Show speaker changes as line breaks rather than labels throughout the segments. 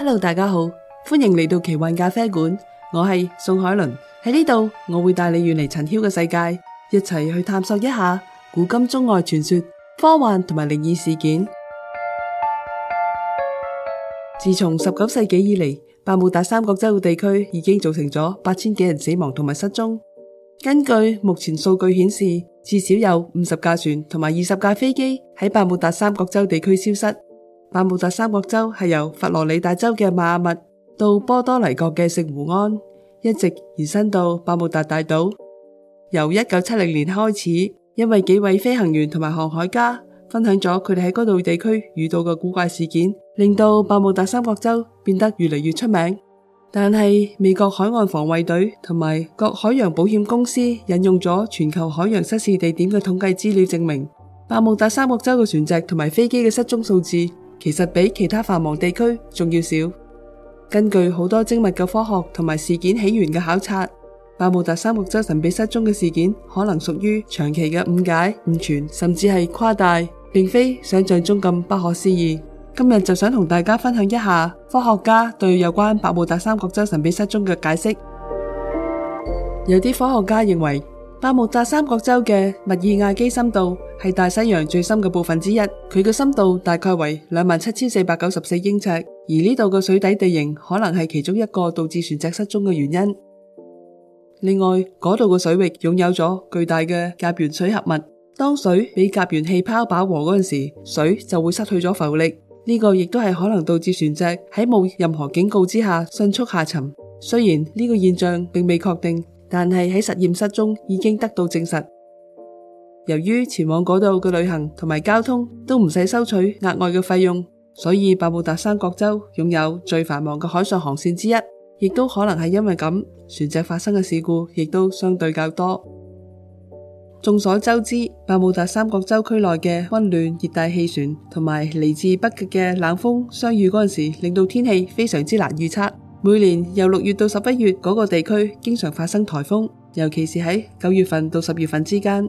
hello，大家好，歡迎嚟到奇幻咖啡館，我係宋海倫。喺呢度，我會帶你遠離塵囂嘅世界，一齊去探索一下古今中外傳說、科幻同埋靈異事件。自從十九世紀以嚟，百慕達三角洲嘅地區已經造成咗八千幾人死亡同埋失蹤。根據目前數據顯示，至少有五十架船同埋二十架飛機喺百慕達三角洲地區消失。百慕達三角洲係由佛羅里達州嘅邁阿密到波多黎各嘅聖胡安，一直延伸到百慕達大島。由一九七零年開始，因為幾位飛行員同埋航海家分享咗佢哋喺嗰度地區遇到嘅古怪事件，令到百慕達三角洲變得越嚟越出名。但係美國海岸防衛隊同埋各海洋保險公司引用咗全球海洋失事地點嘅統計資料，證明百慕達三角洲嘅船隻同埋飛機嘅失蹤數字。其實比其他繁忙地區仲要少。根據好多精密嘅科學同埋事件起源嘅考察，百慕達三角洲神秘失蹤嘅事件可能屬於長期嘅誤解、誤傳，甚至係誇大，並非想象中咁不可思議。今日就想同大家分享一下科學家對有關百慕達三角洲神秘失蹤嘅解釋。有啲科學家認為，百慕達三角洲嘅密爾瓦基深度，係大西洋最深嘅部分之一，佢嘅深度大概為兩萬七千四百九十四英尺，而呢度嘅水底地形可能係其中一個導致船隻失蹤嘅原因。另外，嗰度嘅水域擁有咗巨大嘅甲烷水合物，當水被甲烷氣泡飽和嗰陣時候，水就會失去咗浮力，呢個亦都係可能導致船隻喺冇任何警告之下迅速下沉。雖然呢個現象並未確定，但係喺實驗室中已經得到證實。由於前往嗰度嘅旅行同埋交通都唔使收取額外嘅費用，所以百慕達三角洲擁有最繁忙嘅海上航線之一。亦都可能係因為咁，船隻發生嘅事故亦都相對較多。眾所周知，百慕達三角洲區內嘅溫暖熱帶氣旋同埋嚟自北極嘅冷風相遇嗰陣時，令到天氣非常之難預測。每年由六月到十一月嗰個地區經常發生台風，尤其是喺九月份到十月份之間。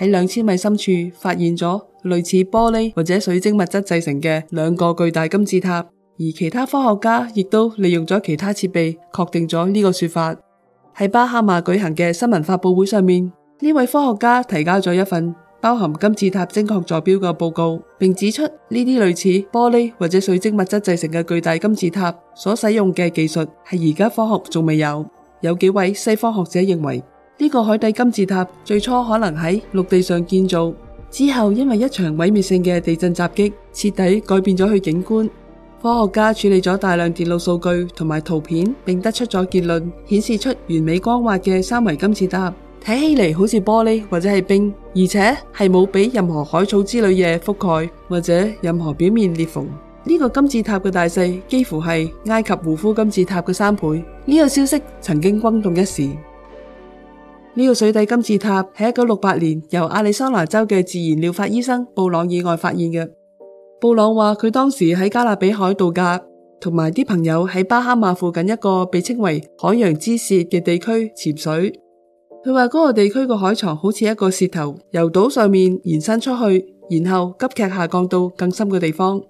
喺兩千米深處發現咗類似玻璃或者水晶物質製成嘅兩個巨大金字塔，而其他科學家亦都利用咗其他設備確定咗呢個說法。喺巴哈馬舉行嘅新聞發布會上面，呢位科學家提交咗一份包含金字塔精確坐標嘅報告，並指出呢啲類似玻璃或者水晶物質製成嘅巨大金字塔所使用嘅技術係而家科學仲未有。有幾位西方學者認為。呢個海底金字塔最初可能喺陸地上建造，之後因為一場毀滅性嘅地震襲擊，徹底改變咗佢景觀。科學家處理咗大量電腦數據同埋圖片，並得出咗結論，顯示出完美光滑嘅三維金字塔，睇起嚟好似玻璃或者係冰，而且係冇俾任何海草之類嘢覆蓋，或者任何表面裂縫。呢、這個金字塔嘅大細幾乎係埃及胡夫金字塔嘅三倍。呢、這個消息曾經轟動一時。呢個水底金字塔喺一九六八年由阿里桑拿州嘅自然療法醫生布朗意外發現嘅。布朗話佢當時喺加勒比海度假，同埋啲朋友喺巴哈馬附近一個被稱為海洋之舌嘅地區潛水。佢話嗰個地區個海床好似一個舌頭，由島上面延伸出去，然後急劇下降到更深嘅地方。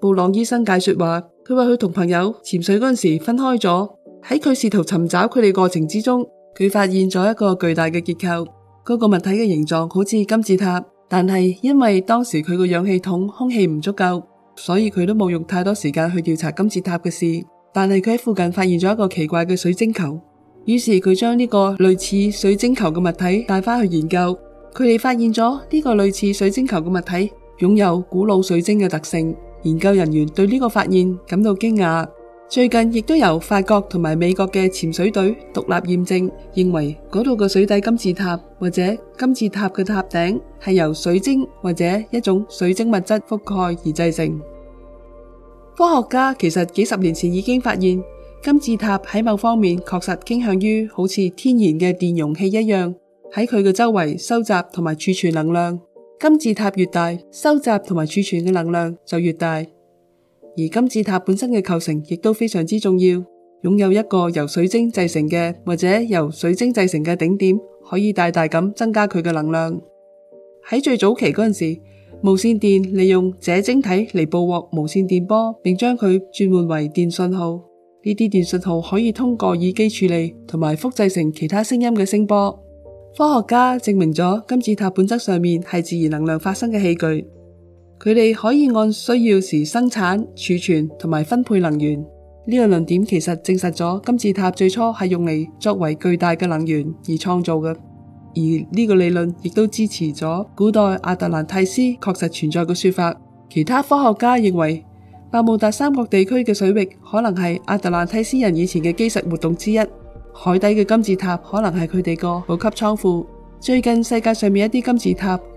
布朗醫生解說話，佢話佢同朋友潛水嗰陣時分開咗，喺佢試圖尋找佢哋過程之中。佢發現咗一個巨大嘅結構，嗰個物體嘅形狀好似金字塔，但係因為當時佢個氧氣筒空氣唔足夠，所以佢都冇用太多時間去調查金字塔嘅事。但係佢喺附近發現咗一個奇怪嘅水晶球，於是佢將呢個類似水晶球嘅物體帶翻去研究。佢哋發現咗呢個類似水晶球嘅物體擁有古老水晶嘅特性，研究人員對呢個發現感到驚訝。最近亦都由法國同埋美國嘅潛水隊獨立驗證，認為嗰度嘅水底金字塔或者金字塔嘅塔頂係由水晶或者一種水晶物質覆蓋而製成。科學家其實幾十年前已經發現，金字塔喺某方面確實傾向於好似天然嘅電容器一樣，喺佢嘅周圍收集同埋儲存能量。金字塔越大，收集同埋儲存嘅能量就越大。而金字塔本身嘅構成亦都非常之重要，擁有一個由水晶製成嘅，或者由水晶製成嘅頂點，可以大大咁增加佢嘅能量。喺最早期嗰陣時，無線電利用鍺晶體嚟捕獲無線電波，並將佢轉換為電信號。呢啲電信號可以通過耳機處理同埋複製成其他聲音嘅聲波。科學家證明咗金字塔本質上面係自然能量發生嘅器具。佢哋可以按需要時生產、儲存同埋分配能源。呢、呢個論點其實證實咗金字塔最初係用嚟作為巨大嘅能源而創造嘅。而呢個理論亦都支持咗古代亞特蘭蒂斯確實存在嘅說法。其他科學家認為百慕達三角地區嘅水域可能係亞特蘭蒂斯人以前嘅基石活動之一。海底嘅金字塔可能係佢哋個補給倉庫。最近世界上面一啲金字塔。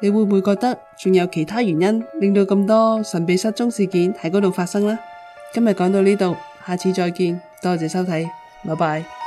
你會唔會覺得仲有其他原因令到咁多神秘失蹤事件喺嗰度發生呢？今日講到呢度，下次再見，多謝收睇，拜拜。